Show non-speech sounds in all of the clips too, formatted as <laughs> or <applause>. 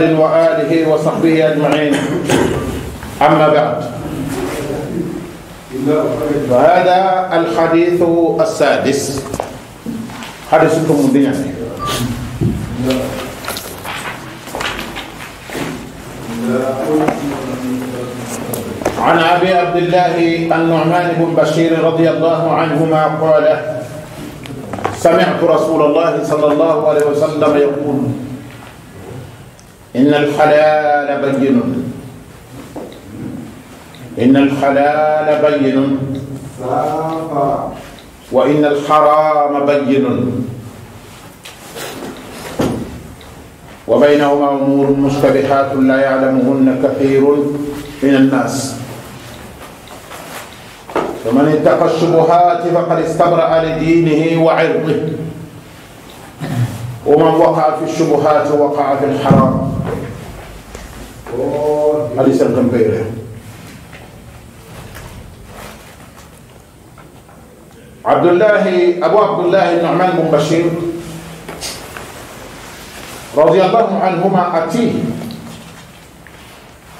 محمد وآله وصحبه أجمعين أما بعد فهذا الحديث السادس حديثكم بيعني عن ابي عبد الله النعمان بن بشير رضي الله عنهما قال سمعت رسول الله صلى الله عليه وسلم يقول إن الحلال بين إن الحلال بين وإن الحرام بين وبينهما أمور مشتبهات لا يعلمهن كثير من الناس فمن اتقى الشبهات فقد استبرأ لدينه وعرضه ومن وقع في الشبهات وقع في الحرام Allez, c'est un père. عبد الله أبو عبد الله النعمان بن بشير رضي الله عنهما أتيه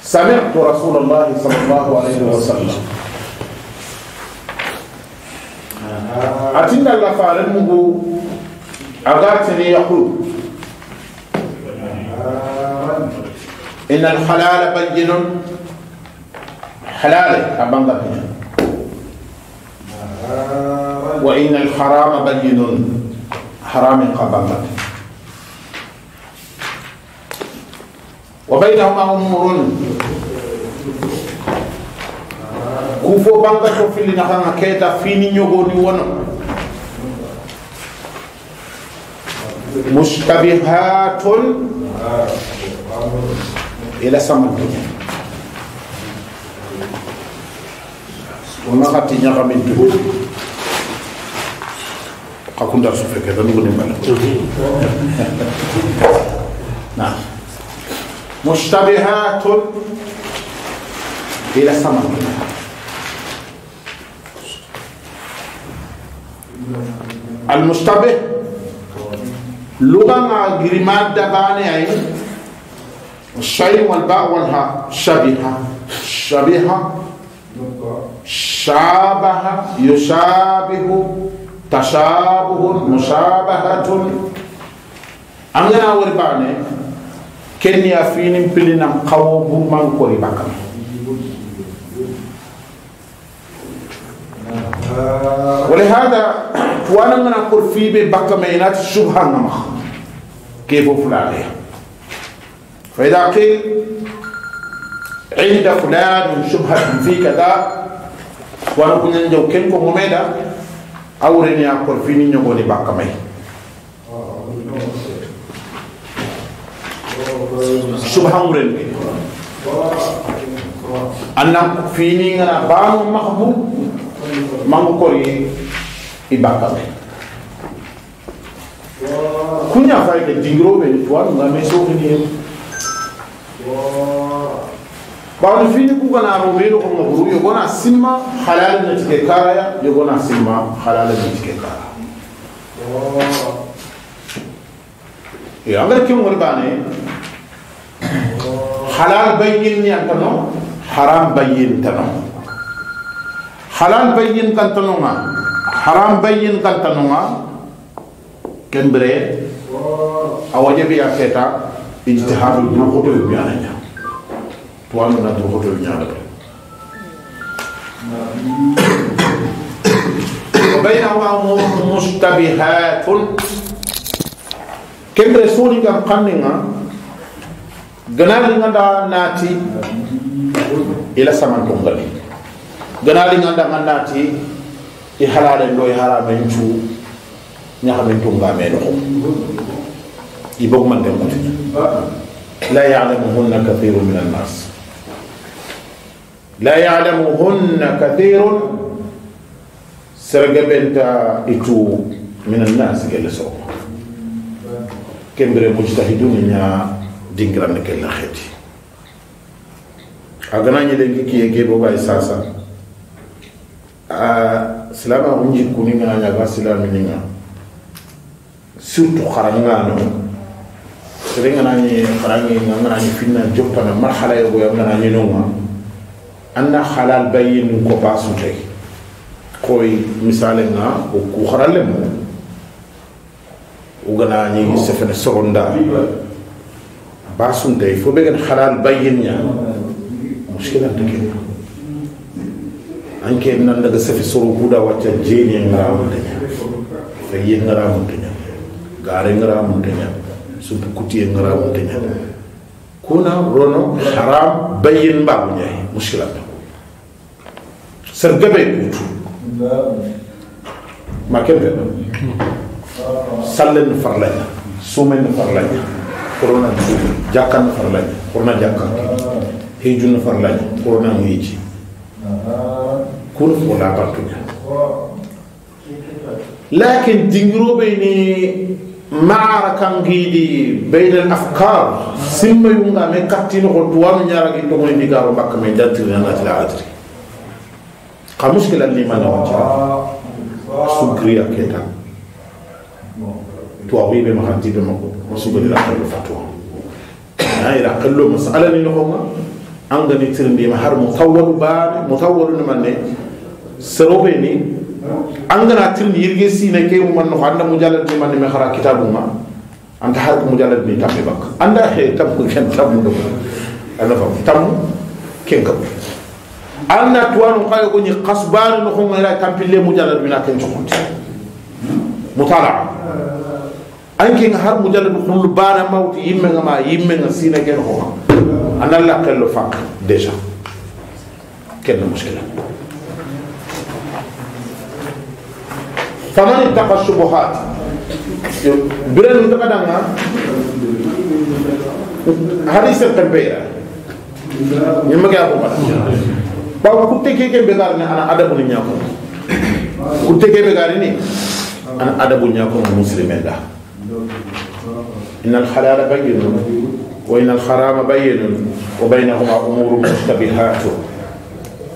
سمعت رسول الله صلى الله عليه وسلم أتينا لفارمه أغاتني يقول إن الحلال بين حلال أبان وإن الحرام بين حرام قبان وبينهما أمور كفو بانك شوف اللي نحن كيتا فيني نيوغوني ونو مشتبهات إلى سما الدنيا ونا خاتي نيا خامي دوبو كاكون دار سوفيك دا نغو نيمبال نعم الى سما الدنيا المشتبه لغه دباني الشين والباء والهاء شبه شبه شابه يشابه تشابه مشابهة أمنا وربانه كني أفين بلنا قوم من قريبك ولهذا وانا من اقول في بكمينات الشبهه نمخ كيف فلان عليها فإذا قيل عند فلان شبهة في كذا وأنا كنا نجو كن كم ميدا أو رني أقول فيني نجوني باكمي شبهة مرن أنا فيني أنا بانو مخبو مانكوري إباكمي كنا فايك دينغرو بنتوان غامي سوكني بعد فيني كوكا نعمومين وكم مبرور يقولنا سيما حلال نتكي كارا يقولنا سيما حلال نتكي كارا يا أمر كم غرباني حلال بين ينتنو حرام بين تنو حلال بين كنتنوما حرام بين كنتنوما كمبري أوجب يا كتا ijtihad dina ko doy bi ana ñaan to wal na do hotel doy ñaan ba bayna wa mustabihat kem resoni ga xamne nga gëna li da naati ila sama ko ngal gëna li nga da nga naati i halale ndoy harame ñu ñaxame يبقى من لا يعلمهن كثير من الناس لا يعلمهن كثير سرق بنت إتو من الناس قال سوق كمبر مجتهدون يا دينغران كلا خدي أغنى يلقي كي يجيبوا باي ساسا سلاما ونجي كوني من أنا غاسلا منينا surtout xarañaano sere ganagni harangi anganagni finna joppana ma halayogoy anganagni nonga anna halal bayinu ko basute koy misale nga o ku haralle mo uganagni sefene soronda basunte fo be gen halal bayin nya mushkila ta ken an ke nan daga sefi soro guda wacce jeni ngara mun ta nya fayin ngara mun ta nya gare ngara mun ta nya sumpu kutiye ngaramu kenya kuna rono haram bayin babu nyai mushkila ta sergabe kutu makembe sallen farlanya sumen farlanya korona jakan farlanya korona jakan hijun farlanya korona hiji kun fola batunya lakin dingirobe ni معركة جيدي بين الأفكار ثم يونغا من كتين غطوة من يارا جيدو من ديغارو من دانتر يانا تلا عدري قا مشكلة اللي ما نوانجا سوكريا كيتا تواغي بما خانتي بما رسول هاي لا قلو مسألة لنهما أنغني ترندي مهر مطول بان مطول نمني سروبيني angana tirni yirge sine ke mu man anda mujalad ni man me khara kitabu ma anta hak mujalad ni tambe bak anda he tabu ken tabu do anda fam tamu ken kam anna tuwan qayo ko ni qasban no ko ngara tampille mujalad bina ken chukunti mutala anke har mujalad khul bana mawti yimme ngama yimme nga sine ken ho anda la kello fak deja ken mushkila فمن اتقى الشبهات بلن متقدم حديث التنبيه يما كي ابو بكر باو كوتي كي كي بيغار انا ادب ني نياكو كوتي كي بيغار ني انا ادب نياكو مسلمين دا ان الحلال بين وان الحرام بين وبينهما امور مشتبهات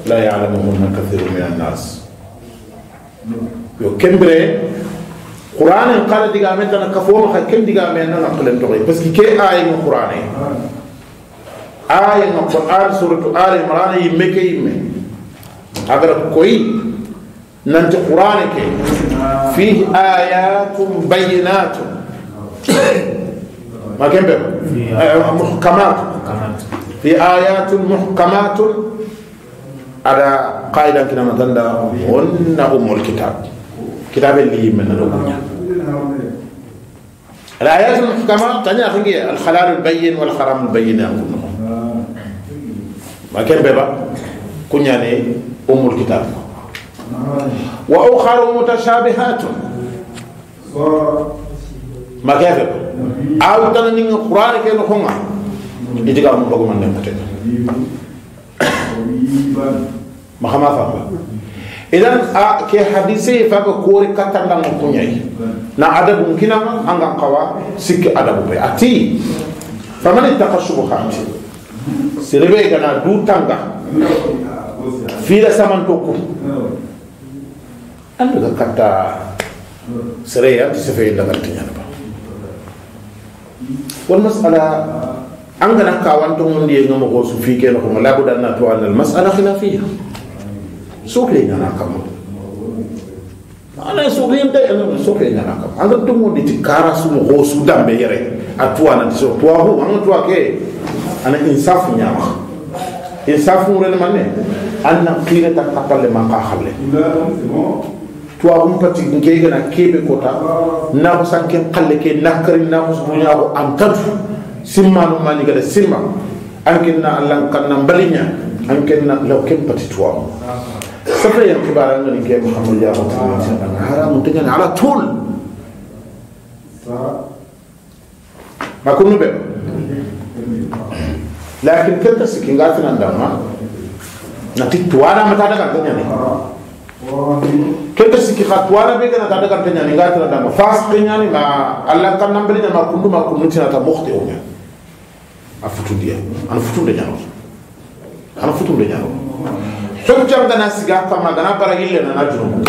لا يعلمهن كثير من الناس yo kembere qur'anin qala diga men tan ka fo ma ken diga men na qalen to parce que ke ay mo qur'ani ay mo qur'an suratu al imran yimme ke yimme agar koi nan to qur'ani ke fihi ayatun bayyinatun ma kembe muhkamat fi ayatun muhkamatun ada qaidan kina matanda hunna umul kitab كتاب اللي من الأبنية الآيات المحكمة تانية خنجية الحلال البين والحرام البين أنكم ما كان بابا كن يعني أم الكتاب وأخر متشابهات ما كيف أو آه، تنين القرآن كي نخونا يجيك أمم من أنك ما خمافه idan a ke hadise fa ko kore katanda mo kunyai na adabu mkina anga kawa sikki adabu be ati faman ittaqa shubuhat sirebe gana du tanga fila saman toku andu da kata sere ya ti sefe daga tinyana ba wal mas'ala anga nan kawanto ngondi ngamo oh, ko su fi ke no ko labu dan na to al mas'ala khilafiyah sokle ñana kama ala sokle yam tay ala sokle ñana kama anga to mo dit kara su mo ho su dambe yere atwa na so to ho anga to ke ana insaf ñama insaf mo ren mané anna qilata taqalle ma qahalle to agum pati ngega na kebe kota na ko sanken qalle ke nakari na ko bunya ko am tatu simma no mani gala simma ankenna allah kanna balinya ankenna law kem pati to seperti yang kebaran ini kayak Muhammad Jawa haram untuk yang ala tul makunu be lakin kita sekian gak tenang dah mah nanti tuara mata ada kan kenyani kita sekian kat tuara be kan ada kan kenyani gak tenang dah mah fast kenyani mah Allah kan nampilnya makunu makunu cina tak mukti omnya oh, afutu dia anfutu dia jangan ya ana futunde ñano hojjam gana siga kamma gana bara ille nana junubu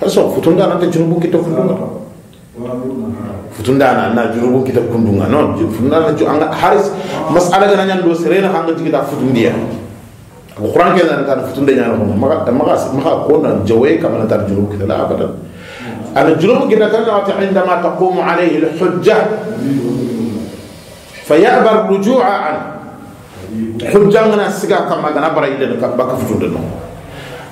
har so futunde ananta junubu kita kundunga futunde ana na junubu kita kundunga non futunde ana anga haris masala gana ñando serena hanga jigita futundiya ko qur'an ke nan tan futunde ñano ko maka maka maka ko nan jawe kamana tar junubu kita la abadan ana junubu kita kan wa عندما تقوم عليه الحجه فيأبى الرجوع عنه hujjangana siga kamma gana bara yidene baka futunde no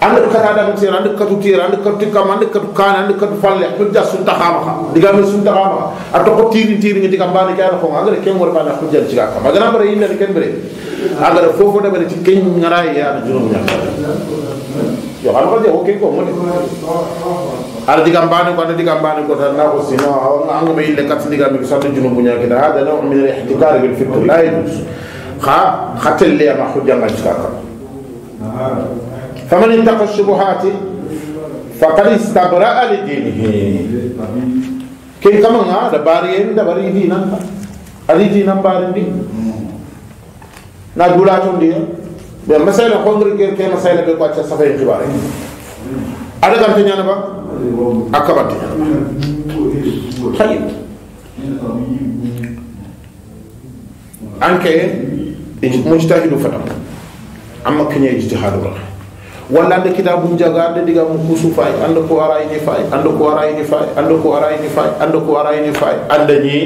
ande kata adam tira ande katu tira ande katu kam ande katu kana ande katu falle hujja sunta khama kha diga me sunta khama kha ato ko tiri tiri ngi diga bani kala ko ngare ken wor bana hujja siga kamma gana bara ken bere fofo de bere ken ngara ya jurum punya. yo hal ko je o ken ko mo ar diga bani ko ande diga bani ko tan na ko sino ango be yidene kat diga mi jurum kita hada no min ihtikar bil fitr la خا خاتلي ما خجا غشكاكا فمن انتقى الشبهات فقد استبرأ لدينه كي كما هذا بارين ده بارين دينا ادي دينا بارين دي نا دولاتون دي be masala hongri ke ke masala be ko acca safay khibare ada kan tanya na ba akabati tayyib mujtahidu fatam amma kenya ijtihadu ra walla anda kitabu jaga anda diga mu kusu fay anda ko ara ini fay anda ko ara ini fay anda ko ara ini fay anda ko ara ini fay anda ni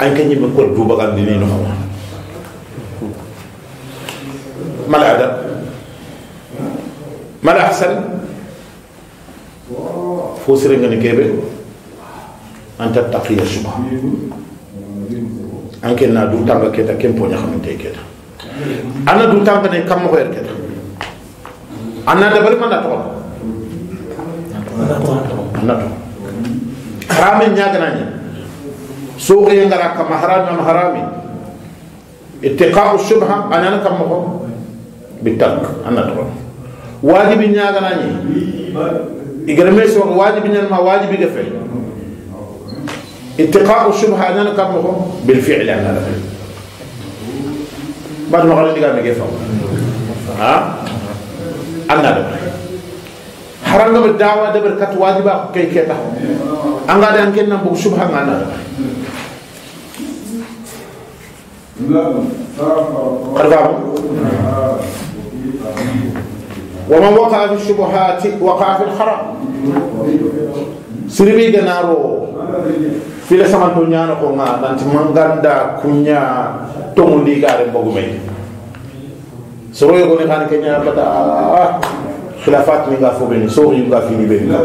an kenya be ko duba kan ni no mal adab mal ahsan fo sere ngani kebe anta taqiya shubha anke na du tanga keta ken poña xamante keta ana du tanga ne kam moxoyer keta anna dabal mana toxona anna toxona harame ñaganaña suuxeye ngara kama harami am harami اتقاء الشبهة أنا كم مقر بالترك أنا تقول واجب نياغنا ني إغرمي سوق واجب نيان ما واجب يغفل اتقاء الشبهه انا كم بالفعل انا يعني بعد ما قال لي قال كيف ها انا دبر حرام دبر دعوه دبر كت واجبه كي كي تحو أنا قال ان كنا بو شبهه انا أربعة ومن وقع في الشبهات وقع في الحرام سربي جنارو file sama to nyaano ko nga nan ti manganda kunya to mo ndi gaare mbogu me so roye ya, ko ne kan ke nyaa bata fila ah, fat mi nga fo be ni so fini be nga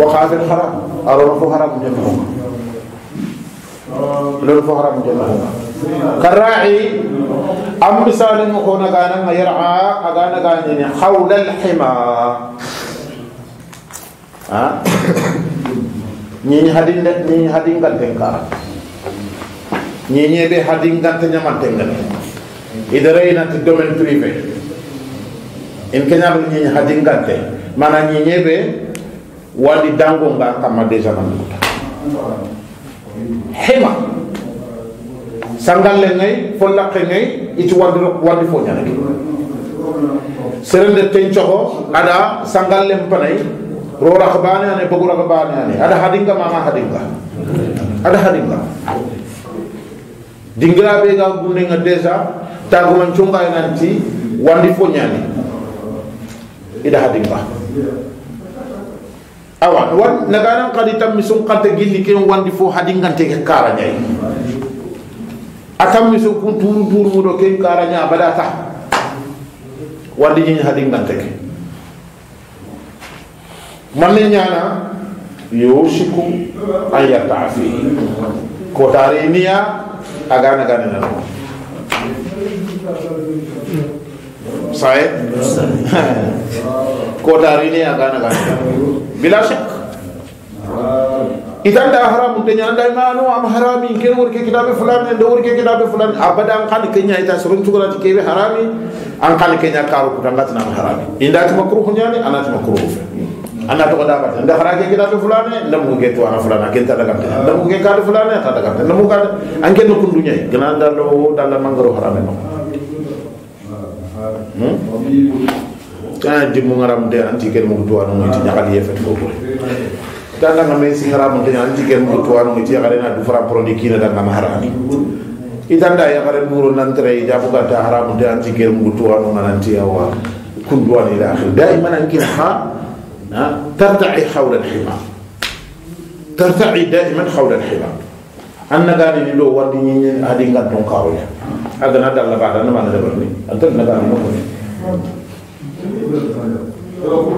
wa khaafil haram aro fo haram je ko lolu fo haram je ko karai am misalen mo ko na gaana nga aga na gaani ni hawlal hima ha ñiñ hadinde ñiñ hadingante kara ñiñe de hadingante ñamante ngane ida reynante domaine privé en keñaɓe ñiñ hadingante mana ñiñe ɓe wadi dango nga kamma déjà nanduta hema sangalle ngay fo lakke ngay iti wadi wadi fo ñanake serende tencoxo ada sangalle mpanay Rora rakhbani ane pegura rakhbani ane ada hadinga mama hadinga ada hadinga dingira bega ga gunenga desa tagu mencungka nanti wandi fonyani ida hadinga awan wan negara kadi tam misung qante gilli wandi fo hadinga te kara nyai atam misung kun turu turu do kara nyai abadata wandi nyi hadinga te man nyana ñana yushiku an yartaa fi kotare niya a gana gana na saye kotare niya a gana gana bila shak idan da haramu te ñana da mano am harami ke wor ke kitabe fulan en do wor ke kitabe fulan abadan kan ke ñay ta harami an kan ke ñakaro kutangat na harami indati makruh ñani anati makruh fe anda tuh kata apa? Anda harajin kita tuh fulane nda mu getu ana fulana ken ta ada nda ah. mu ke ka to ya ta daga nda mu ka kundunya karena anda lo dalam manggaru haram harame no tan di mu ngaram de anti ken mu do anu ti nyakali efek fet ko ko ta ngaram de anti ken mau tuan anu itu ya karena ada fara produit kina da ngam harani itan da haram de anti ken mau tuan anu nanti awa kunduan itu. akhir daiman an ترتعي حول الحمام ترتعي دائما حول الحمام أنا قال لي لو ودي هذه قد تنقاوي هذا نادى الله بعد أنا ما ندبرني أنت نادى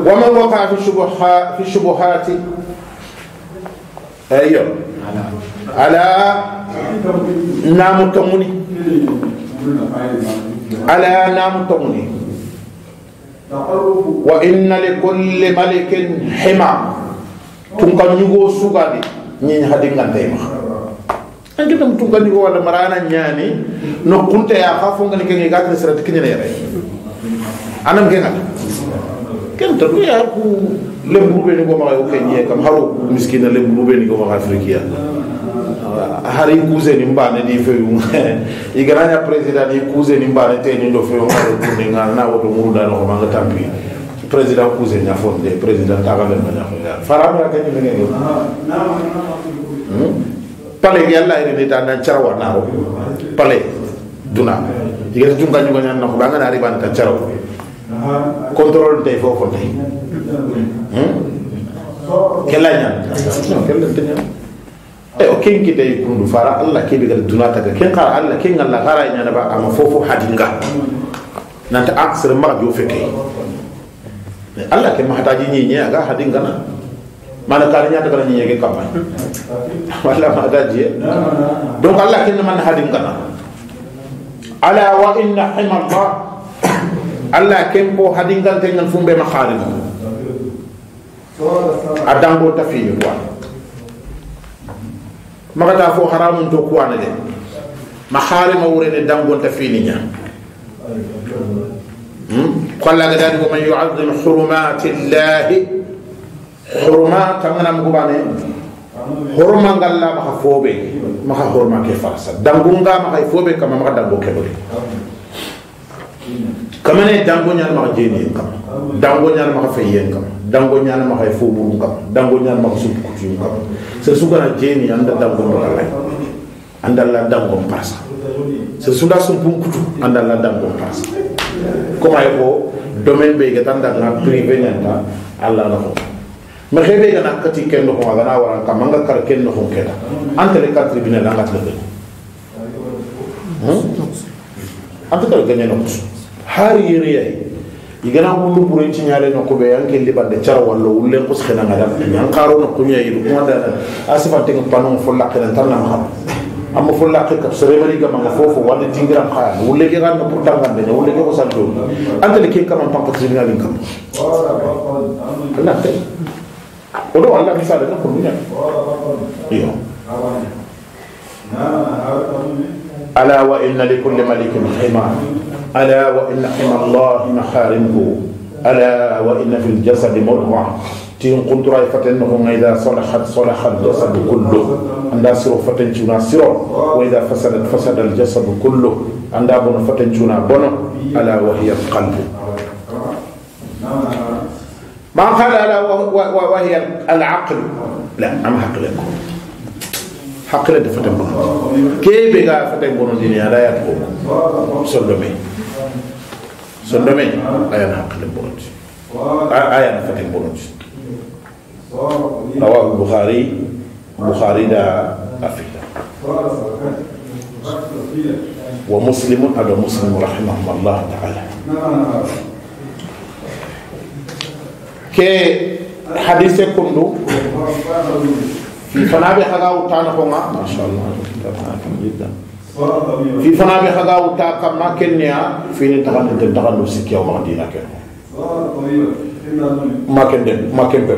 ومن وقع في الشبهات في الشبهات أيوه على نام التموني على نام التموني wa inna li kulli malikin hima tun ka ñugo sugadi ñiñ ma anke tam tun ka ñugo wala marana ñaani no kunteya xa fongani kenge ga kene serati kiñene yere anam ke ngata ken tan ya ku le be ni ko ma yo ye kam haro miskina le be ni ko ma ya. hari kuze ni mbane di fe yu <laughs> igaranya president ni kuze ni mbane te ni do fe yu ngaro ni nga na woto da no ma ga tambi president kuze nya de president ta ga le ma nya ya fara ma ka ni ngi hmm? pale ya Allah ni ta na charwa na pale duna diga tun ka nyan na ko ba ga na ban ta charwa contrôle tay fofo tay kella ñam kella te ñam e o ken kitay kundu fara allah kebe gala dunata ka ken xara allah ken ngalla xara ñana ba ama fofo hadinga nanta aksere maxa jo feke mais allah ke maxataji ñiñe aga hadinga na mana kari ñata kala ñiñege campagne walla maxataji ye donc allah ken man hadinga na ala wa inna hima allah alla ken ko hadingal tengal fumbe ma kharij adango tafiyo wa magata fo haramun to kuwana de ma kharima wurene dango tafini nya قال لك ذلك ومن يعظم حرمات الله حرمات من مغبانه حرمة الله ما خوبه ما حرمة كيف فرسا دنگونغا ما خوبه كما ما دنگو كبره kamane dango ñaan ma jeni kam dango ñaan ma fe yen kam dango ñaan ma e fo bu kam dango ñaan ma su ku kam se su gana jeni anda dango ma la anda la dango passa se su da sun pun kutu anda la dango passa ko may ko e domaine be ga tanda na privé ñanta alla na ko ma xebe ga na kati ken ko ga na kam nga kar ken ko tribunal nga anta kar ganya no har yere yayi igana wulu buren ci nyaale no ko be yanke li de char wallo wulle yan ko da asifa te panon fo tan amma fo lakke ka wadde tingira wulle ke ganna pour tanga be wulle ke ko santo anta le ke kam pam ko tingira bin kam Allah ألا وإن لكل ملك حمى ألا وإن حمى الله محارمه ألا وإن في الجسد مضغة تين رايفة فتنهم إذا صلحت صلح الجسد كله عند سر فتنشنا سر وإذا فسدت فسد الجسد كله عند بن فتنشنا بن ألا وهي القلب ما قال ألا وهي العقل لا أم عقلكم hakkile de fete bonondi kebe ga fete bonondi ni ala yat ko sondome sondome ayan hakkile bonondi ayan fete bonondi rawahu bukhari bukhari da afida wa muslimun ada muslim rahimahullah ta'ala ke hadise kundu في فنابخ غاو وطانا كونا ما شاء الله جدا في فنابخ غاو تا كما كنيا في نتغن نتغن نسكيا يوم دينا كنو ما كان ما كان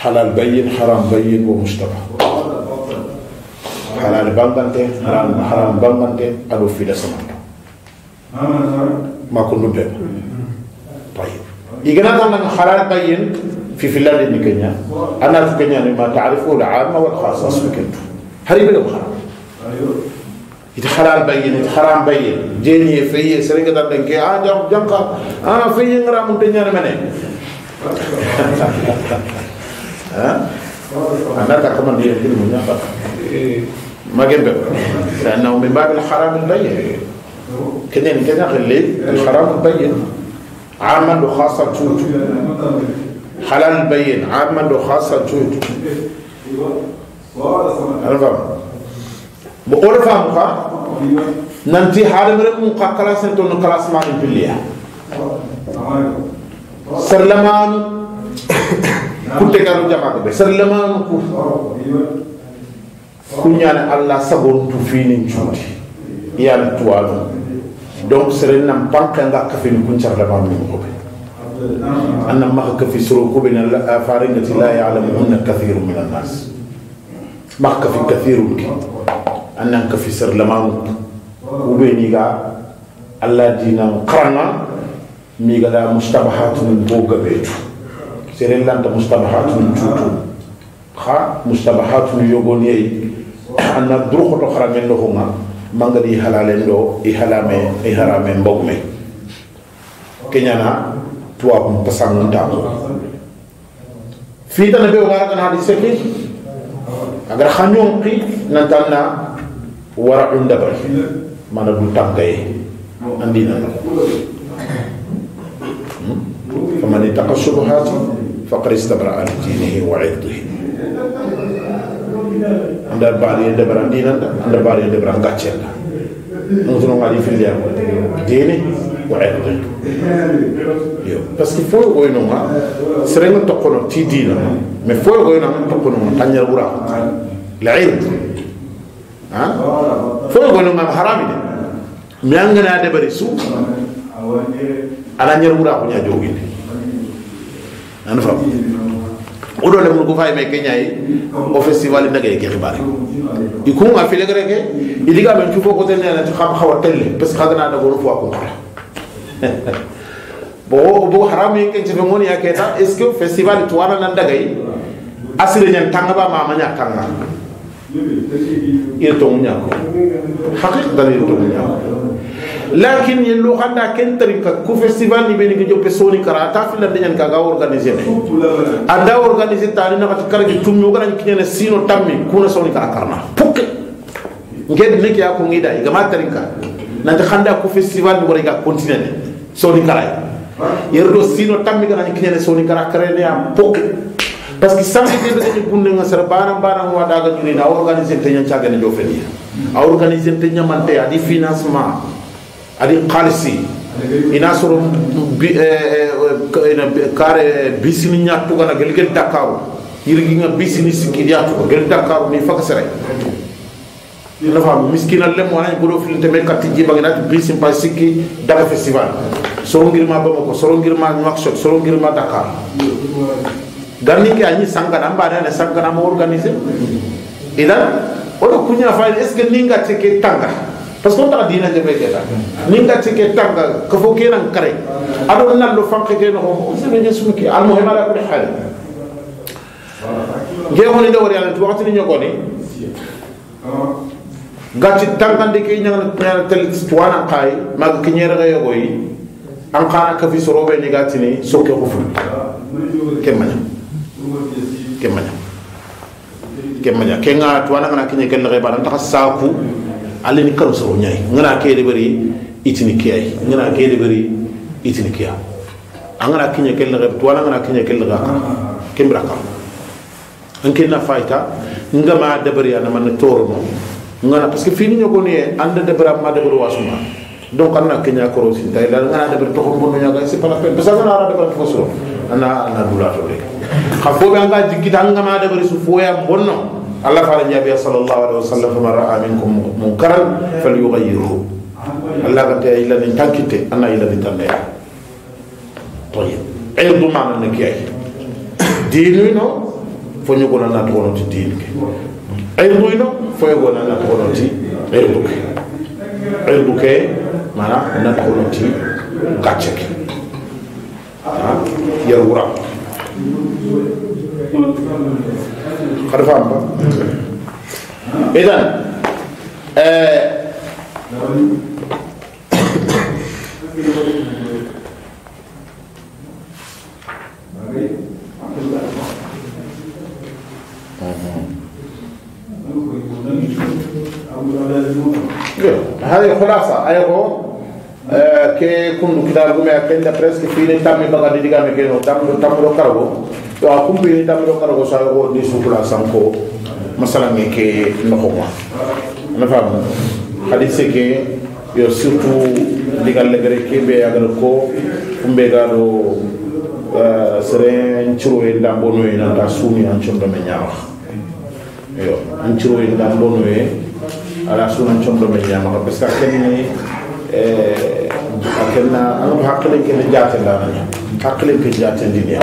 حلال بين حرام بين ومشتبه حلال بامبانتي حرام حرام بامبانتي ألو في لسمانتو ما كنا طيب إذا نتغن حلال بين في فنلندا من كينيا انا في كينيا ما تعرفه العامه والخاصه في كينيا هذه بلا ايوه يتحرام بين يتحرام بين جيني في سرقه كذا بنكي اه جام جنقا آه، في غرا <laughs> آه؟ من من ها انا تكمن دي دي منيا ما جنب لانه من باب الحرام البين كده كده خلي الحرام البين عامل وخاصه تشوف حلال بين عامة وخاصة شوية أنا فاهم بقول فاهم خا ننتي حرم رقم كلاس انتو نكلاس ما نبليا سلمان كنت كارو جماعة سلمان سلمان كنيان الله سبون تفيني نشوتي يعني توالو donc sere nam panka nga kafin kun charlemagne أنا ما خك في سروق بين الأفارقة لا يعلمون كثير من الناس ما خك في كثير أنك في سر وبيني قا الله دينا قرنا ميجا لا مستبحات من بوجا بيت سيرين لانت مستبحات من جوتو خا مستبحات من يوغوني أنا دروخ الأخرى من لهما مانغا حلالين لو إحلامي إحرامي مبوغمي كنيانا tuwaabu pasangun taabu fiitana be ogara kana hadise ke agar xañon qi nantanna wara un dabari mana du tànkaye andina na faman ittaqa subuhati faqad istabra an dinihi wa irdihi anda bari debara ndinanda anda baariye debara ngaccenda nusuno ngaadi filliyamo deene وعرضه parce que foyi goyi no nga serenga tokkono ti dina mais foyi goyi no nga tokkono nga tanyal wura العرض ha foyi goyi no nga harami de mais anga na debari su ala nyal wura ko nya joginde an fam o do le mun ko fay me kenya yi o festival na gay ke xibar yi ko nga fi le greke idiga men ci foko tenne na ci xam xawa telle parce que xagna da ko fu ko xala bo bo haram yi ya, kan cikin moni ya est ce que festival tuwana nan dagay asire asirin tanga ba mama ya tanga ir tong nya ko haqiq dalil tong nya lakin yi lu handa ken tari ka ku festival ni beni ko pesoni kara ta fil nan ka ga organiser anda organiser tani na ka kar ki tumyo garan kinyene sino tammi kuna soni ka karna pukke ngeen nek ya ko ngida ga matarin ka nan kan ku festival ni wara ga continuer soni karay yerdo sino tammi gana ni kinene soni kara karene am pok parce que samedi be be ni gunne nga sara bana bana wa daga ni na organiser te nyan chagane do feni a organiser te nyamante adi financement adi khalisi ina soro bi ina eh, eh, eh, kare bisini nyatu gana gel gel dakaru yirgi nga bisini sikidi atu gel dakaru ni faka sere nafahamu miskina lemwana goro filinteme katiji baginati bisimpa sikki daga festival sorongirma bamako sorongirma nouakchott sorongirma dakar ganni ke añi sangana an mbaɗane sangana ama organisé idan oɗo kuña fayde est ce que ningati ke tanga par ce que on taxa dina jefe keta ningati ke tanga ko fo kenan kare aɗo nallo fanke ke noxo sene sumke almohemala kude xaale ngexoni de wori anati waxatini ñogoni gati tangandi ke ñang prena tel tuana kay mag ki ñere ga yogo yi an khana ka fi soro ni gati ni sokke ko ful ke maña ke maña ke maña ke nga tuana ngana ki ñe ken re ba ta saku alle ni karo soro ñay ngana ke de bari itini ke ay ngana ke de bari itini ke an ngana ki ñe ken re tuana ngana ki ñe ken ka kembra ka an ken na fayta ngama dabari ana man torono ngana parce que fini ñoko ni ande de bram ma de bro wasuma donc anna kenya koro sin tay la ngana de bro to ko ñaka c'est pas la peine parce que ngana de bro fosro ana ana dula to le ka fo be anga jikki tan ngama de bro su fo ya bonno allah fala nyabi sallallahu alaihi wasallam fa ra'a minkum munkaran falyughayyirhu allah ka tay ila ni tankite anna ila ni tanne tayyib ay du mana ne kiyai dinu no fo ñugo na na to no ti dinu ke هنا فيقول أنا قلنتي عرضك عرضك معناه أنا قلنتي قاتشك يرورا خرفان با إذن آه هذه خلاصة أيقو ke kundu kita argumé kenda presque fini tammi baga di diga me keno tammi tammi do kargo to a kumbi ni tammi do kargo sa go ni sukula sanko masala me ke no ko ma na fam hadise ke yo surtout digal le gere ke be agal ko kumbe ga do seren churo e lambono e na ta sumi an chondo me nyaawa yo an churo e lambono e ala sunan condo men ñamaka parce que a kenni a kenna anam hakkilen kene jatendana ñam hakkilen ke jatendiniya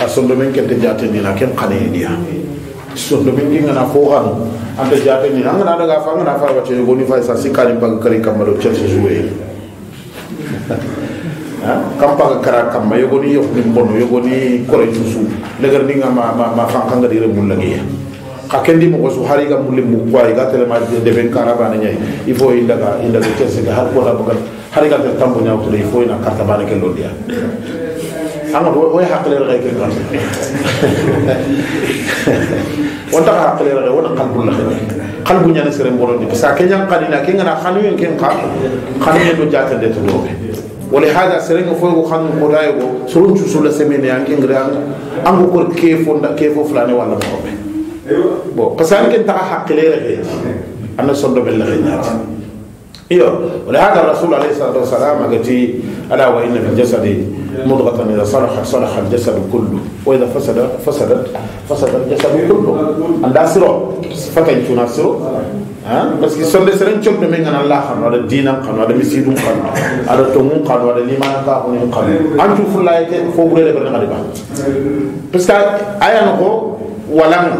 a sondo men kente jatendina ken xaneyeniya sondo men ke ngana fo xanu anta jatendina angana daga fa angana fa wacce boni fay sa sikkani bag kari kammalo cerce joué kampaga kara kamma yogoni yokni bonno yogoni koretu su legar ni nga ma ma fankanga dire mullagiya xa kendi mogo su hari ga mulli mu kwa ga tele ma de ben kara bana nyai ifo inda ga inda ke kese ga har ko la bugal hari ga ta tambo nyaa to ifo ina karta bana ke do dia amma do o hakle ga ken <laughs> ga wonta ka hakle ga wona qalbu la khani qalbu nyaa sere mboro ni sa kenya qadina ken na khanu yen ke ka khanu yen do jata de to do ولهذا سرنگ فوق خان خدای کو سرون چوسو لسمینه انگنگ رنگ انگو کور کیفو دا کیفو فلانه والا پروبه bon parce que an ken taxa xaqile refe ana sondo ɓel lexe ñaati iyo ولهذا الرسول عليه الصلاه والسلام قتي الا وان في الجسد مضغه اذا صلحت صلح الجسد كله واذا فسد فسدت فسد الجسد كله عند سرو فتن تنا سرو parce que sonde seren cobɗo men gana la xano aɗa dinan xano aɗa misidum xano aɗa tongun xano aɗa limanakaxunen xano an cu fullaye ke fo ɓurele ɓerne xadi ba parce que ayano ko walanga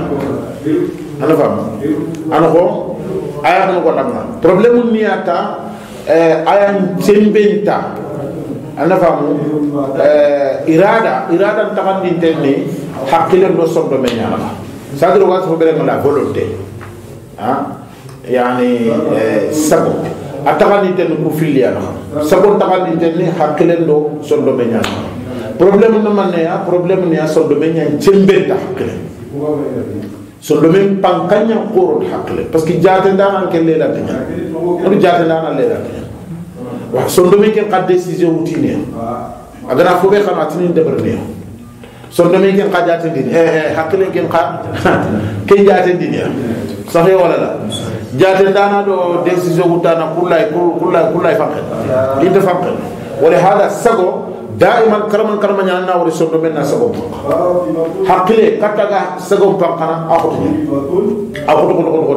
ana fam ana ko aya kana ko lamna problème ni ata aya sembenta ana famu irada irada takan din tenni hakilen do sondo me nyaama sadro wa so bere ngala volonté ha yani sabo atakan din tenni ku filiya sabo takan din tenni hakilen do sondo me nyaama problème no manne ya problème ni ya sondo me nyaam sembenta hakilen sondo min pankanya qurun haqle parce que jate ndana ke lela tanya on jate ndana lela tanya wa sondo min ke qad decision utine agana fobe khana tinin debrne sondo min ke qad jate din he he haqle ke qad ke jate din ya sahe wala la jate ndana do decision utana kullai kullai kullai fakhe ita fakhe ولهذا سقو daiman كرمان karama nyana na wori sondo men حقلي sagom hakile kataga sagom pankana akoto akoto ko ko ko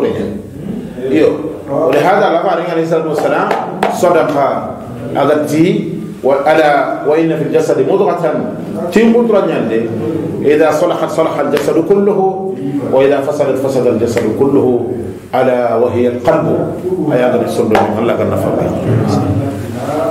yo ولهذا لما عليه الصلاه والسلام صدقه أغتي وألا وإن في الجسد مضغة تيم مضغة يعني إذا صلحت صلح الجسد كله وإذا فسدت فسد الجسد كله على وهي القلب أيا غني الله غنى